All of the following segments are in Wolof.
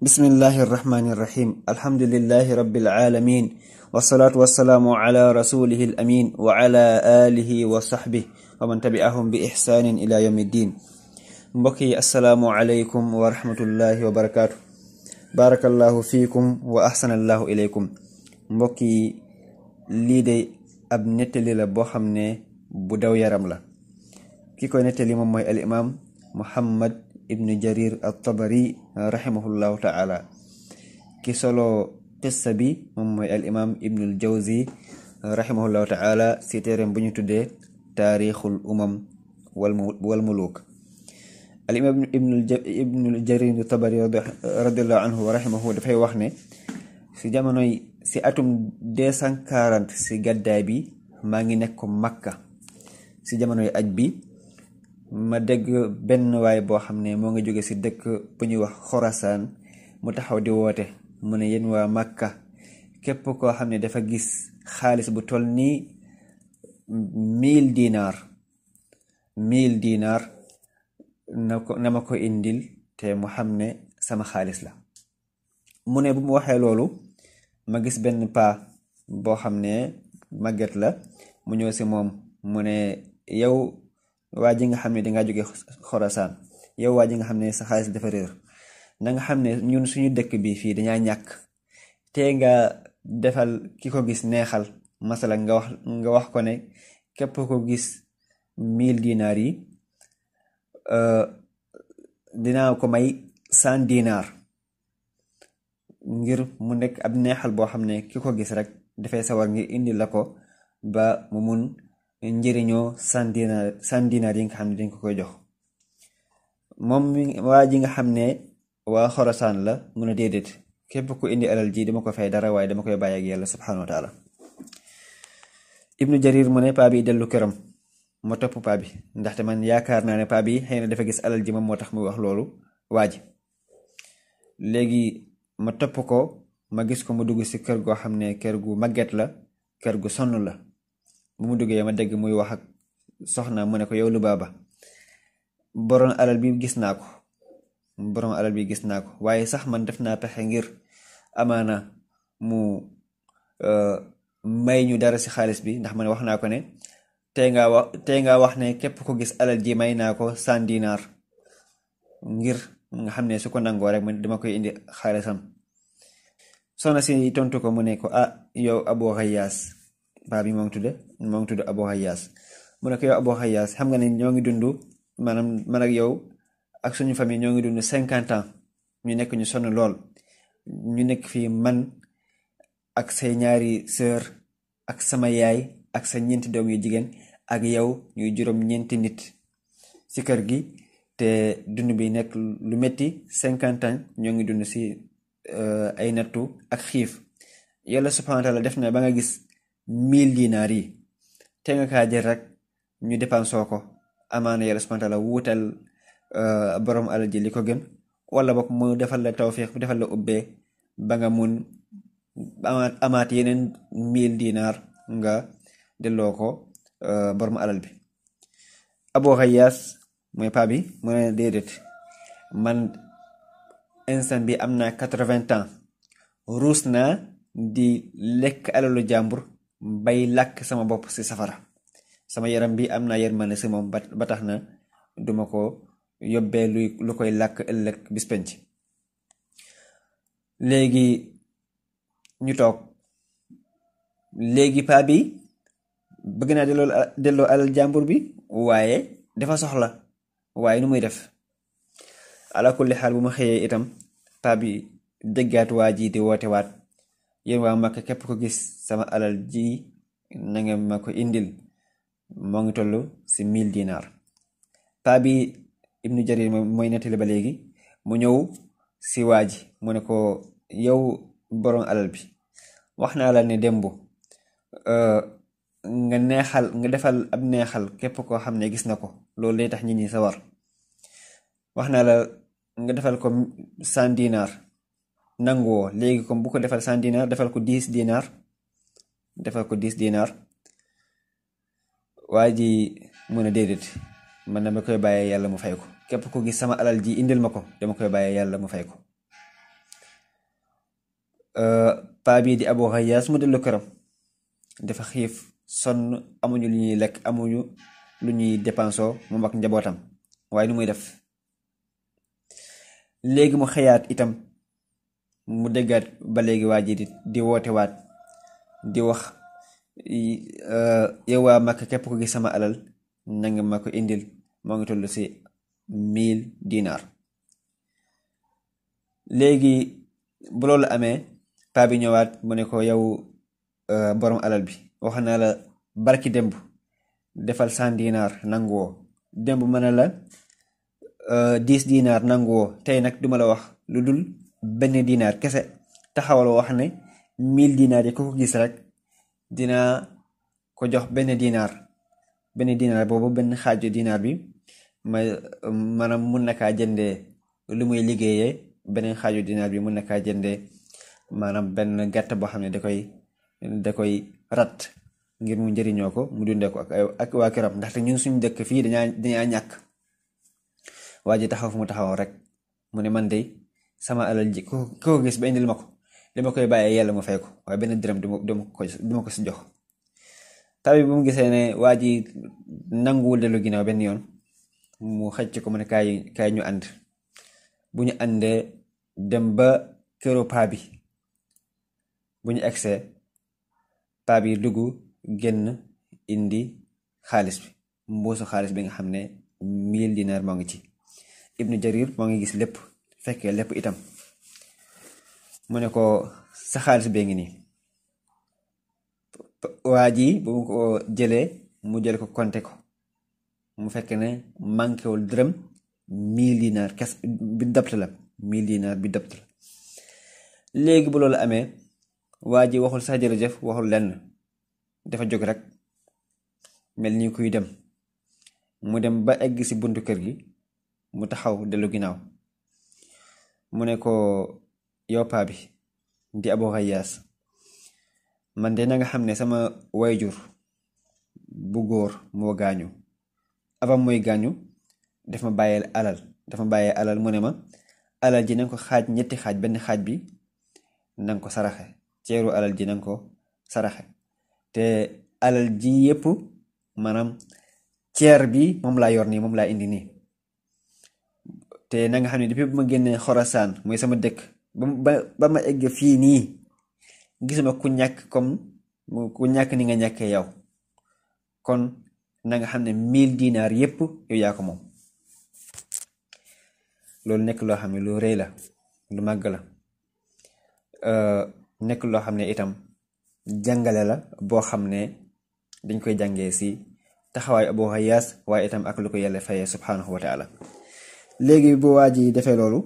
bismillahi irrahmani irrahim alhamdulilahi rabilalamin wasalaatu wasalaamu alamin wa ala alihi wa saxbihi wa man tabi'ahum bi ixsaanin ila yawmi ddin mbokk yi assalaamu aleykum wa rahmatullahi wa barakaatu barakallahu ab nettali la boo xam ne bu yaram la ibnu jarir at-tabari rahimahullahu ta'ala ki solo qissa bi moom mooy al imam ibnul jawzi rahimahullahu ta'ala si téereem bu ñu tuddee taarixul umam wal muluk al imam ibnul jarir rahimahu dafay wax ne si jamonoy si atum 240 si gàddaay bi maa ngi nekk makka si jamonoy aj bi ma dégg benn waay boo xam ne moo nga jóge si dëkk bu ñuy wax xorasaan mu taxaw di woote mu ne yéen waa màkka képp koo xam ne dafa gis xaalis bu toll nii mille dinar mille dinar na ko ma ko indil te mu xam ne sama xaalis la mu ne mu waxee loolu ma gis benn paa boo xam ne màgget la mu ñëw ci moom mu ne yow waa ji nga xam ne dangaa jóge xorasaan yow waa ji nga xam ne sa xaalis dafa réer na nga xam ne ñun suñu dëkk bi fii dañaa ñàkk te nga defal ki ko gis neexal masala nga wax ko ne képp ko gis mille dinaar yi euh, dinaa ko may cent dinaar ngir mu nekk ab neexal boo xam ne ki ko gis rek dafay sawar ngir indi la ko ba mu mun njëriñoo cent dinar cent nga xam ne dañ ko koy jox moom mi waa ji nga xam ne waa xorasaan la mu ne déedéet képp ku indi alal ji dama ko fay dara waaye dama koy bàyyi ak yàlla subhanahu wa taala ibnu jarir mu ne paa bi dellu këram ma topp paa bi ndaxte man yaakaar naa ne paa bi xëy na dafa gis alal ji moom moo tax muy wax loolu waa ji léegi ma topp ko ma gis ko mu dugg si kër goo xam ne kër gu màgget la kër gu sonn la bu mu duggee ma dégg muy wax ak soxna mu ne ko yow lu baaba boron alal bi gis naa ko borom alal bi gis naa ko waaye sax man def naa pexe ngir amaana mu euh, may ñu dara si xaalis bi ndax man wax naa ko ne tey ngaa wax tey ngaa wax ne képp ko gis alal ji may naa ko cent ngir nga xam ne su ko nangoo rek dama koy indi xaalisam soxna si tontu ko mu ne ko ah yow Abu Xayyaas paa bi moo ngi tudde moo ngi tudde Abu Hayyaas mu ne ko xam nga ne ñoo ngi dund maanaam man ak yow ak suñu famille ñoo ngi dund cinquante ans ñu nekk ñu sonn lool ñu nekk fii man ak say ñaari sœur ak sama yaay ak sa ñeenti doom yu jigéen ak yow ñuy juróom ñeenti nit ci kër gi te dund bi nekk lu metti cinquante ans ñoo ngi dund ci euh, ay nattu ak xiif yàlla subhaanahu wa def na ba nga gis mille dinaar yi te nga kaa rek ñu dépensoo ko amaana yàlla subhanahu wa taala wuutal euh, borom alal ji li ko gën wala boog mu defal la tawfiq defal la ubbee ba nga mun amaat amaat yeneen mille dinaar nga delloo ko euh, borom alal bi Abu Xayyaas mooy paa bi mu ne man instant bi am naa quatre-vingts ans ruus naa di lekk alalu jàmbur bay lakk sama bopp si safara sama yaram bi am naa yërmande si moom ba tax na duma ko yóbbee luy lu koy lakk ëllëg bis penc léegi ñu toog léegi bi bëgg naa delloo delloo alal jàmbur bi waaye dafa soxla waaye nu muy def ala kulli xaal bu ma xëyee itam paa bi déggaat waa ji di woote waat yéen waa Makka képp ko gis sama alal ji na ngeen ma ko indil moo ngi toll si 1000 dinar paa bi ibnu jarir mooy nettali ba léegi mu ñëw si waa ji mu ne ko yow borom alal bi wax naa la ne démb euh, nga neexal nga defal ab neexal képp koo xam ne gis na ko loolu day tax nit ñi sawar wax naa la nga defal ko 100 dinar nangoo léegi comme bu ko defal cent dinar defal ko dix dinar defal ko dix dinar waa ji mu ne déedéet man ma koy bàyyee yàlla mu fay ko képp ku gis sama alal ji indil ma ko dama koy bàyyee yàlla mu fay ko euh, paa bii di Abu Xayaas mu dellu këram dafa xiif sonn amuñu lu ñuy lekk amuñu lu ñuy dépensoo moom ak njabootam waaye nu muy def léegi mu xëyaat itam mu déggaat ba léegi waa di di woote waat di wax yow waa Makka ko gis sama alal nanga ma ko indil moo ngi tollu si mille dinar léegi bu amee paa bi ñëwaat mu ne ko yow e, borom alal bi wax naa la barki démb defal cent dinar nanguwoo démb mën a la e, dix dinar nanguwoo tey nag duma la wax lu dul benn dinaar kese taxawal wax ne mille dinaar yi ku ko gis rek dinaa ko jox benn dinaar benn dinaar boobu benn xaajo dinaar bi ma maanaam mun na kaa jëndee lu muy liggéeyee beneen xaaju dinaar bi mun na kaa jëndee maanaam benn gàtt boo xam ne da koy da koy rat ngir mu njëriñoo ko mu dundee ko ak ak waa këram ndaxte ñun suñ dëkk fii dañaa dañaa ñàkk waa ji taxaw fu mu taxaw rek mu ne man de sama alal ji ku ko gis ba indil ma ko li ma koy bàyyee yàlla mu fay ko waaye benn dërëm duma ko duma ko si jox tabi bu mu gisee ne waa ji nanguwul dellu ginnaaw benn yoon mu xëcc ko mu ne kaay kaay ñu ànd bu ñu àndee dem ba këru paa bi bu ñu egsee paa bi dugg génn indi xaalis bi mbuusu xaalis bi nga xam ne mille dinar moo ngi ci ibnu jarir moo ngi gis lépp fekkee lépp itam mu ne ko sa xaalis bee ngi nii waa ji bu ko jëlee mu jël ko konte ko mu fekk ne manqué wul dërëm mille dinar kes bi dabt la mille bi dabt léegi bu loolu amee waa ji waxul sax jërëjëf waxul lenn dafa jóg rek mel ni kuy dem mu dem ba egg si buntu kër gi mu taxaw dellu ginnaaw mu ne ko yow paa bi di Abu Xayyaas man de na nga xam ne sama wayjur bu góor moo gaañu avant mooy gaañu daf ma bàyyeel alal dafa ma alal mu ne ma alal ji nanga ko xaaj ñetti xaaj benn xaaj bi nanga ko saraxe ceeru alal ji nanga ko saraxe te alal ji yépp maanaam ceer bi moom laa yor nii moom laa indi nii te nanga xam ne depuis bu ma génnee Xorasaan mooy sama dëkk ba ba ma egg fii nii gisuma ku ñàkk comme ku ñàkk ni nga ñàkkee yow kon nanga xam ne mille dinaar yépp yow yaa ko moom loolu nekk loo xam ne lu rëy la lu màgg la nekk loo xam ne itam jàngale la boo xam ne dañ koy jàngee si taxawaay Abu Hayyaas waaye itam ak lu ko yàlla faye subhanahu wa léegi bu waa ji defee loolu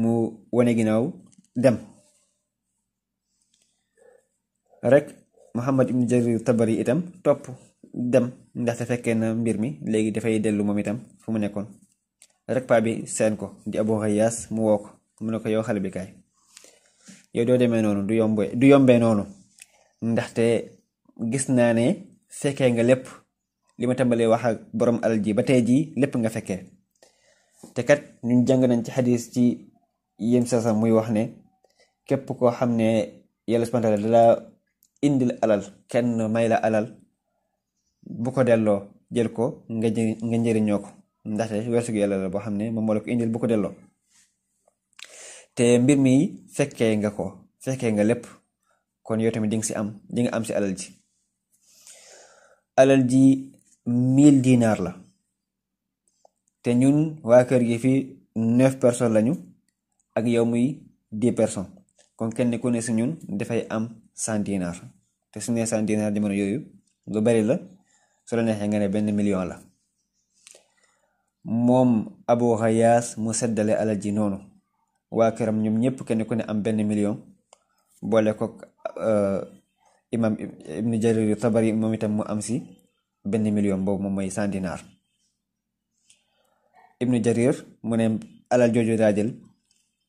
mu wane ginnaaw dem rek Muhammad ibn Jarir Tabari itam topp dem ndaxte fekkee na mbir mi léegi dafay dellu moom itam fu mu nekkoon rek paa bi seen ko di Abu Hayyaas mu woo ko mu ne ko yow xale bi kaay yow doo demee noonu du yombe du yombee noonu ndaxte gis naa ne fekkee nga lépp li ma tàmbalee wax ak borom alal ji ba tey jii lépp nga fekkee te kat ñun jàng nañ ci xadis ci yem sasam muy wax ne képp koo xam ne yàlla subhanahu dala indil alal kenn may la alal bu ko delloo jël ko nga njëriñoo ko ndaxte weesu gi yàlla la boo xam ne moo ko indil bu ko delloo te mbir mi fekkee nga ko fekkee nga lépp kon yow tamit di nga si am di am si alal ji alal ji mille dinaar la te ñun waa kër gi fii neuf personnes lañu ak yow muy dix personnes kon kenn ku ne si ñun dafay am cent dinar te su ne cent dinar jamono yooyu lu bari la su la neexee nga ne benn million la moom Abu Xayaas mu seddale alal ji noonu waa këram ñoom ñëpp kenn ku ne am benn million boole ko euh, imam ibnu jarir tabari moom itam mu am si benn million boobu moom mooy cent dinar ibnu jarir mu ne alal jooju daa jël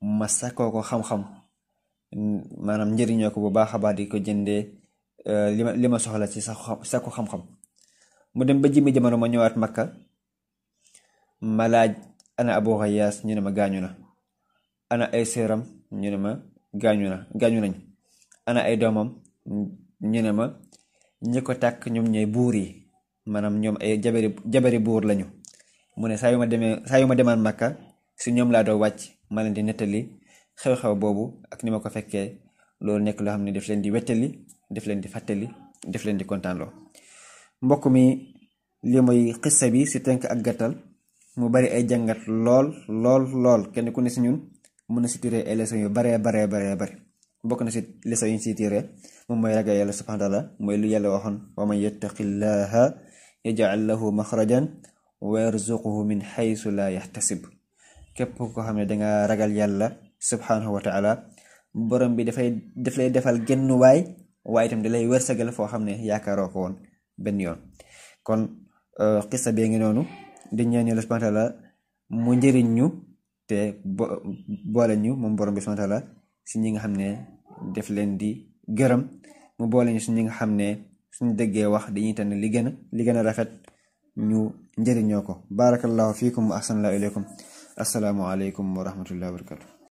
ma sakkoo ko xam-xam maanaam njëriñoo ko bu baax a baax di ko jëndee euh, li ma li ma soxla ci sakku xam-xam mu dem ba jimi jamono ma ñëwaat makka ma laaj ana abu xayaas ñu ne ma gaañu na ana ay seeram ñu ne ma gaañu na gaañu nañ ana ay doomam ñu ne ma ñi ko tàkk ñoom ñooy buur yi maanaam ñoom ay jabari jabari buur lañu mu ne saa yi ma demee saa ma demaan Makka si ñoom laa doo wàcc ma leen di nettali xew-xew boobu ak ni ma ko fekkee loolu nekk loo xam ne daf leen di wettali daf leen di fàttali daf leen di kontaanloo mbokk mi lii mooy xissa bi si tënk ak gàttal mu bari ay jàngat lool lool lool kenn ku ne si ñun mun na si tiré ay leçons yu baree baree baree bari bokk na si leçon yi ñu si tiré moom mooy ragal yàlla subhanahu wa taala mooy lu yàlla waxoon wa man yattaqillaha yaj'al lahu maxrajan wa yarzuquhu min xaysu laa yaxtasib képp ko xam ne danga ragal yàlla subhanahu wa taala borom bi dafay daf lay defal genn waay waaye tam da lay wërsëgal foo xam ne yaakaaroo ko woon benn yoon kon xissa euh, bee ngi noonu di ñaan yàlla subhanahu wa mu njëriñ ñu te boole ñu moom borom bi subhanahu wa si ñi nga xam ne def leen di gërëm mu boole ñu si ñi nga xam ne suñu dëggee wax dañuy tànn li gën li gën a rafet ñu njëriñoo ko barakallahu fiikum wa ahsanallahu ilaykum assalaamu alaykum wa rahmatullahi